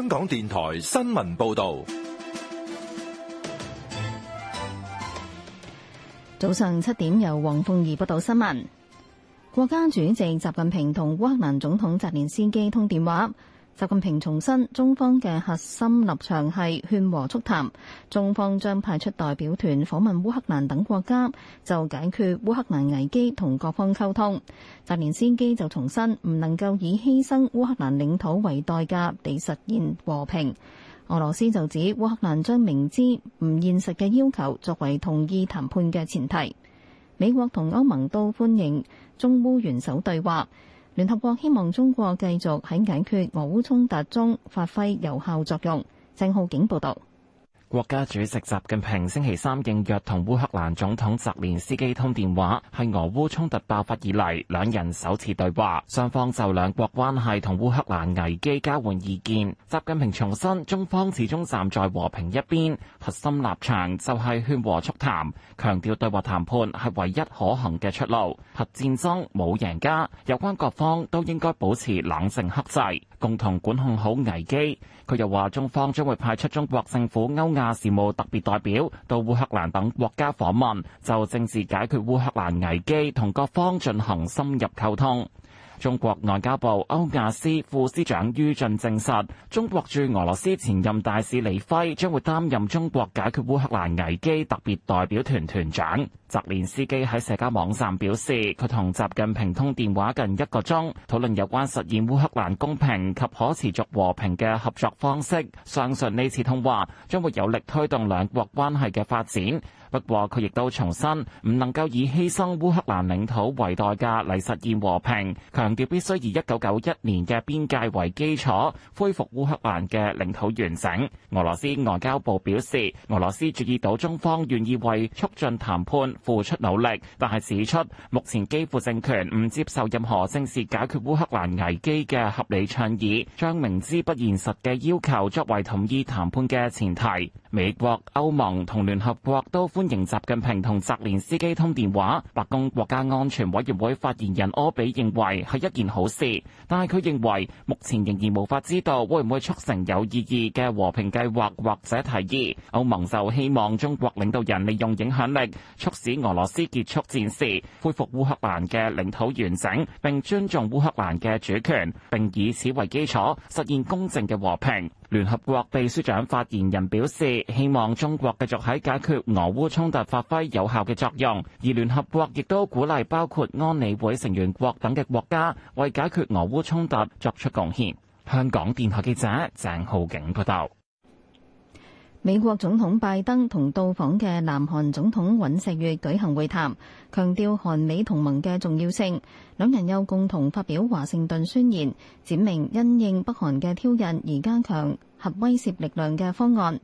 香港電台新聞報道，早上七點由黃鳳儀報道新聞。國家主席習近平同烏克蘭總統澤連斯基通電話。習近平重申中方嘅核心立場係勸和促談，中方將派出代表團訪問烏克蘭等國家，就解決烏克蘭危機同各方溝通。澤連斯基就重申唔能夠以犧牲烏克蘭領土為代價嚟實現和平。俄羅斯就指烏克蘭將明知唔現實嘅要求作為同意談判嘅前提。美國同歐盟都歡迎中烏元首對話。聯合國希望中國繼續喺解決俄烏衝突中發揮有效作用。鄭浩景報道。國家主席習近平星期三應約同烏克蘭總統澤連斯基通電話，係俄烏衝突爆發以嚟兩人首次對話，雙方就兩國關係同烏克蘭危機交換意見。習近平重申，中方始終站在和平一邊，核心立場就係勸和促談，強調對話談判係唯一可行嘅出路。核戰爭冇贏家，有關各方都應該保持冷靜克制。共同管控好危機，佢又話中方將會派出中國政府歐亞事務特別代表到烏克蘭等國家訪問，就政治解決烏克蘭危機同各方進行深入溝通。中國外交部歐亞司副司長於俊證實，中國駐俄羅斯前任大使李輝將會擔任中國解決烏克蘭危機特別代表團團長。澤連斯基喺社交網站表示，佢同習近平通電話近一個鐘，討論有關實現烏克蘭公平及可持續和平嘅合作方式，相信呢次通話將會有力推動兩國關係嘅發展。不過佢亦都重申，唔能夠以犧牲烏克蘭領土為代價嚟實現和平，強調必須以1991年嘅邊界為基礎，恢復烏克蘭嘅領土完整。俄羅斯外交部表示，俄羅斯注意到中方願意為促進談判付出努力，但係指出目前基輔政權唔接受任何正式解決烏克蘭危機嘅合理倡議，將明知不現實嘅要求作為同意談判嘅前提。美國、歐盟同聯合國都歡迎習近平同澤連斯基通電話。白宮國家安全委員會發言人柯比認為係一件好事，但係佢認為目前仍然無法知道會唔會促成有意義嘅和平計劃或者提議。歐盟就希望中國領導人利用影響力，促使俄羅斯結束戰事，恢復烏克蘭嘅領土完整，並尊重烏克蘭嘅主權，並以此為基礎實現公正嘅和平。聯合國秘書長發言人表示，希望中國繼續喺解決俄烏。衝突發揮有效嘅作用，而聯合國亦都鼓勵包括安理會成員國等嘅國家為解決俄烏衝突作出貢獻。香港電台記者鄭浩景報道。美國總統拜登同到訪嘅南韓總統尹錫悅舉行會談，強調韓美同盟嘅重要性。兩人又共同發表華盛頓宣言，闡明因應北韓嘅挑釁而加強核威懾力量嘅方案。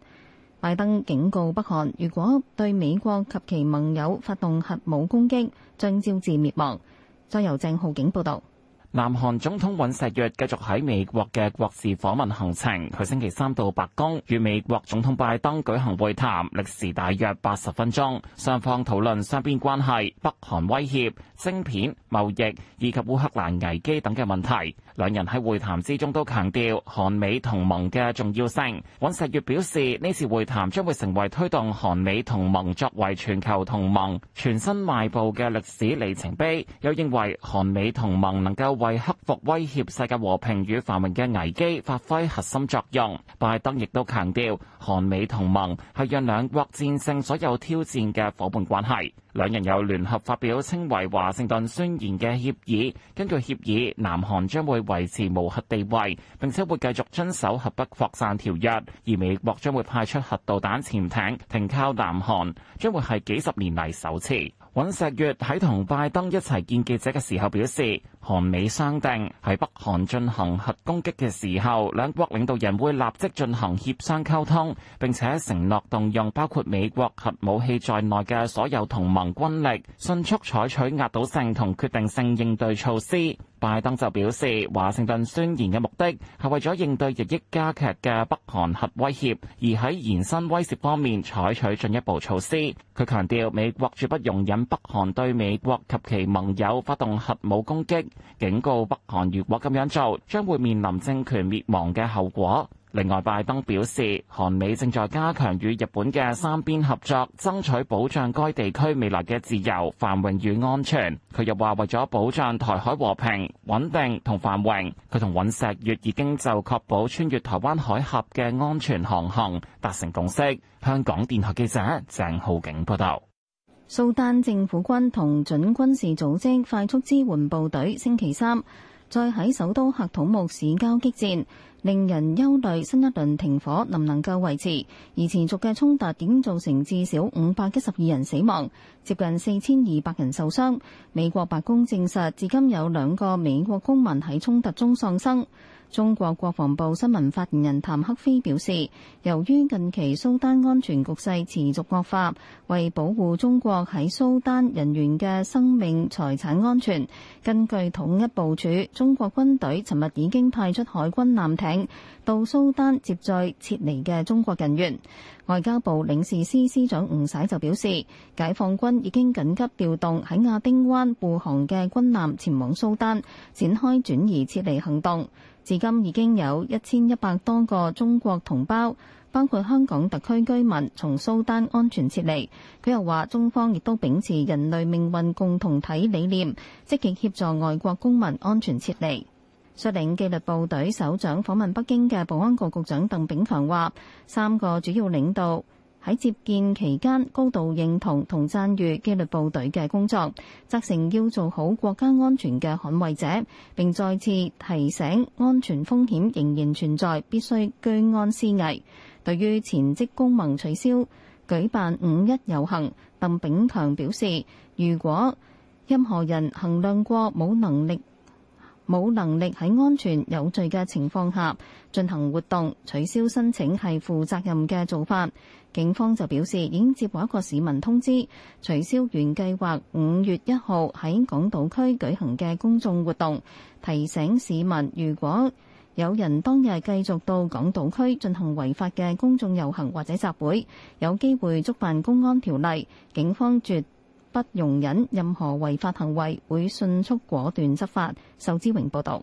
拜登警告北韓，如果對美國及其盟友發動核武攻擊，將招致滅亡。再由鄭浩景報導。南韓總統尹錫悅繼續喺美國嘅國事訪問行程，佢星期三到白宮與美國總統拜登舉行會談，歷時大約八十分鐘，雙方討論雙邊關係、北韓威脅、晶片貿易以及烏克蘭危機等嘅問題。兩人喺會談之中都強調韓美同盟嘅重要性。尹錫悅表示，呢次會談將會成為推動韓美同盟作為全球同盟全新邁步嘅歷史里程碑。又認為韓美同盟能夠為克服威脅世界和平與繁榮嘅危機發揮核心作用。拜登亦都強調韓美同盟係讓兩國戰勝所有挑戰嘅夥伴關係。兩人有聯合發表稱為華盛頓宣言嘅協議，根據協議，南韓將會維持無核地位，並且會繼續遵守核不擴散條約，而美國將會派出核導彈潛艇停靠南韓，將會係幾十年嚟首次。尹錫悅喺同拜登一齊見記者嘅時候表示，韓美商定喺北韓進行核攻擊嘅時候，兩國領導人會立即進行協商溝通，並且承諾動用包括美國核武器在內嘅所有同盟軍力，迅速採取壓倒性同決定性應對措施。拜登就表示，華盛頓宣言嘅目的係為咗應對日益加劇嘅北韓核威脅，而喺延伸威懾方面採取進一步措施。佢強調美國絕不容忍北韓對美國及其盟友發動核武攻擊，警告北韓如果咁樣做，將會面臨政權滅亡嘅後果。另外，拜登表示，韓美正在加強與日本嘅三邊合作，爭取保障該地區未來嘅自由、繁榮與安全。佢又話為咗保障台海和平、穩定同繁榮，佢同尹錫悅已經就確保穿越台灣海峽嘅安全航行達成共識，香港電台記者鄭浩景報道。蘇丹政府軍同準軍事組織快速支援部隊星期三再喺首都喀土穆市交激戰。令人憂慮，新一輪停火能唔能夠維持？而持續嘅衝突已經造成至少五百一十二人死亡，接近四千二百人受傷。美國白宮證實，至今有兩個美國公民喺衝突中喪生。中國國防部新聞發言人譚克非表示，由於近期蘇丹安全局勢持續惡化，為保護中國喺蘇丹人員嘅生命財產安全，根據統一部署，中國軍隊尋日已經派出海軍艦艇到蘇丹接載撤離嘅中國人員。外交部領事司司長吳璽就表示，解放軍已經緊急調動喺亞丁灣護航嘅軍艦前往蘇丹，展開轉移撤離行動。至今已經有一千一百多個中國同胞，包括香港特區居民，從蘇丹安全撤離。佢又話中方亦都秉持人類命運共同體理念，積極協助外國公民安全撤離。率領紀律部隊首長訪問北京嘅保安局局長鄧炳強話，三個主要領導。喺接見期間，高度認同同讚譽紀律部隊嘅工作，責成要做好國家安全嘅捍衞者。並再次提醒安全風險仍然存在，必須居安思危。對於前職工盟取消舉辦五一遊行，鄧炳強表示，如果任何人衡量過冇能力。冇能力喺安全有序嘅情況下進行活動，取消申請係負責任嘅做法。警方就表示，已經接獲一個市民通知，取消原計劃五月一號喺港島區舉行嘅公眾活動，提醒市民，如果有人當日繼續到港島區進行違法嘅公眾遊行或者集會，有機會觸犯公安條例，警方絕。不容忍任何違法行為，會迅速果斷執法。仇之榮報道。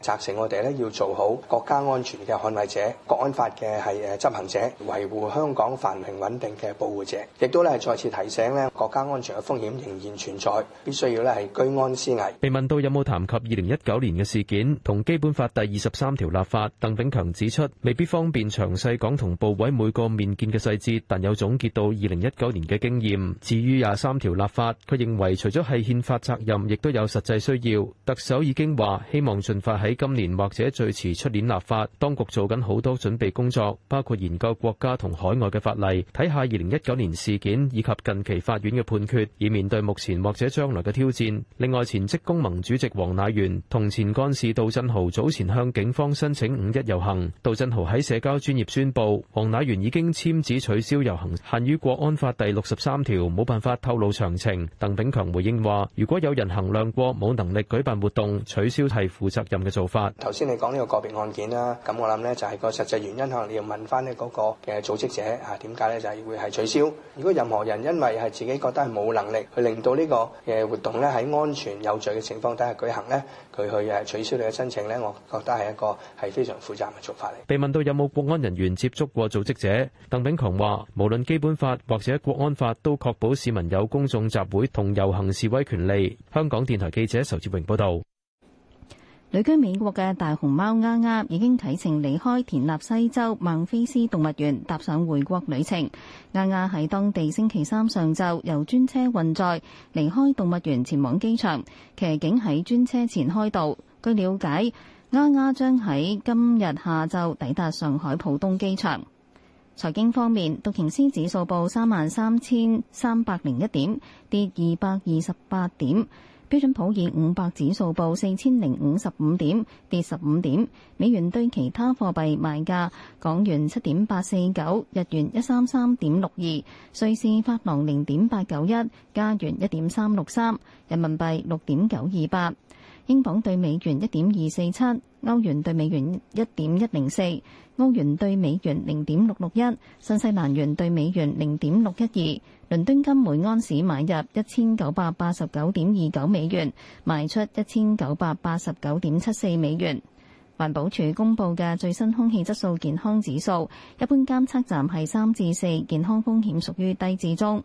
責成我哋咧要做好國家安全嘅捍衛者，國安法嘅係誒執行者，維護香港繁榮穩定嘅保護者，亦都咧再次提醒咧國家安全嘅風險仍然存在，必須要咧係居安思危。被問到有冇談及二零一九年嘅事件同基本法第二十三條立法，鄧炳強指出未必方便詳細講同部委每個面見嘅細節，但有總結到二零一九年嘅經驗。至於廿三條立法，佢認為除咗係憲法責任，亦都有實際需要。特首已經話希望盡。法喺今年或者最遲出年立法，當局做緊好多準備工作，包括研究國家同海外嘅法例，睇下二零一九年事件以及近期法院嘅判決，以面對目前或者將來嘅挑戰。另外，前職工盟主席黃迺元同前幹事杜振豪早前向警方申請五一遊行，杜振豪喺社交專頁宣布黃迺元已經簽紙取消遊行，限於國安法第六十三條，冇辦法透露詳情。鄧炳強回應話：如果有人衡量過冇能力舉辦活動，取消係負責。任嘅做法。頭先你講呢個個別案件啦，咁我諗咧就係個實際原因，可能你要問翻咧嗰個嘅組織者啊，點解咧就係會係取消？如果任何人因為係自己覺得係冇能力去令到呢個嘅活動咧喺安全有序嘅情況底下舉行咧，佢去係取消你嘅申請咧，我覺得係一個係非常負責任嘅做法嚟。被問到有冇國安人員接觸過組織者，鄧炳強話：無論基本法或者國安法都確保市民有公眾集會同遊行示威權利。香港電台記者仇志榮報道。旅居美國嘅大熊貓丫丫已經啟程離開田納西州孟菲斯動物園，踏上回國旅程。丫丫喺當地星期三上晝由專車運載離開動物園，前往機場。騎警喺專車前開道。據了解，丫丫將喺今日下晝抵達上海浦東機場。財經方面，道瓊斯指數報三萬三千三百零一點，跌二百二十八點。標準普爾五百指數報四千零五十五點，跌十五點。美元對其他貨幣賣價：港元七點八四九，日元一三三點六二，瑞士法郎零點八九一，加元一點三六三，人民幣六點九二八，英鎊對美元一點二四七，歐元對美元一點一零四，歐元對美元零點六六一，新西蘭元對美元零點六一二。倫敦金每安士買入一千九百八十九點二九美元，賣出一千九百八十九點七四美元。環保署公布嘅最新空氣質素健康指數，一般監測站係三至四，健康風險屬於低至中；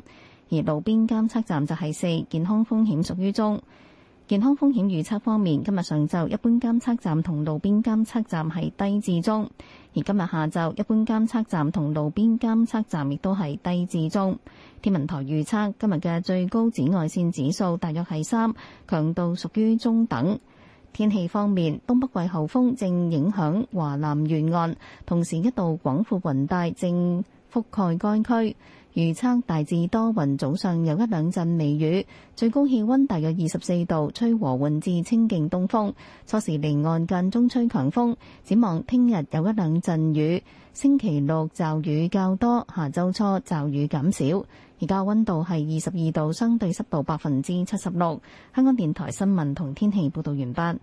而路邊監測站就係四，健康風險屬於中。健康風險預測方面，今日上晝一般監測站同路邊監測站係低至中，而今日下晝一般監測站同路邊監測站亦都係低至中。天文台預測今日嘅最高紫外線指數大約係三，強度屬於中等。天氣方面，東北季候風正影響華南沿岸，同時一道廣闊雲帶正覆蓋該區。預測大致多雲，雲早上有一兩陣微雨，最高氣溫大約二十四度，吹和緩至清勁東風。初時離岸間中吹強風。展望聽日有一兩陣雨，星期六驟雨較多，下周初驟雨減少。而家溫度係二十二度，相對濕度百分之七十六。香港電台新聞同天氣報道完畢。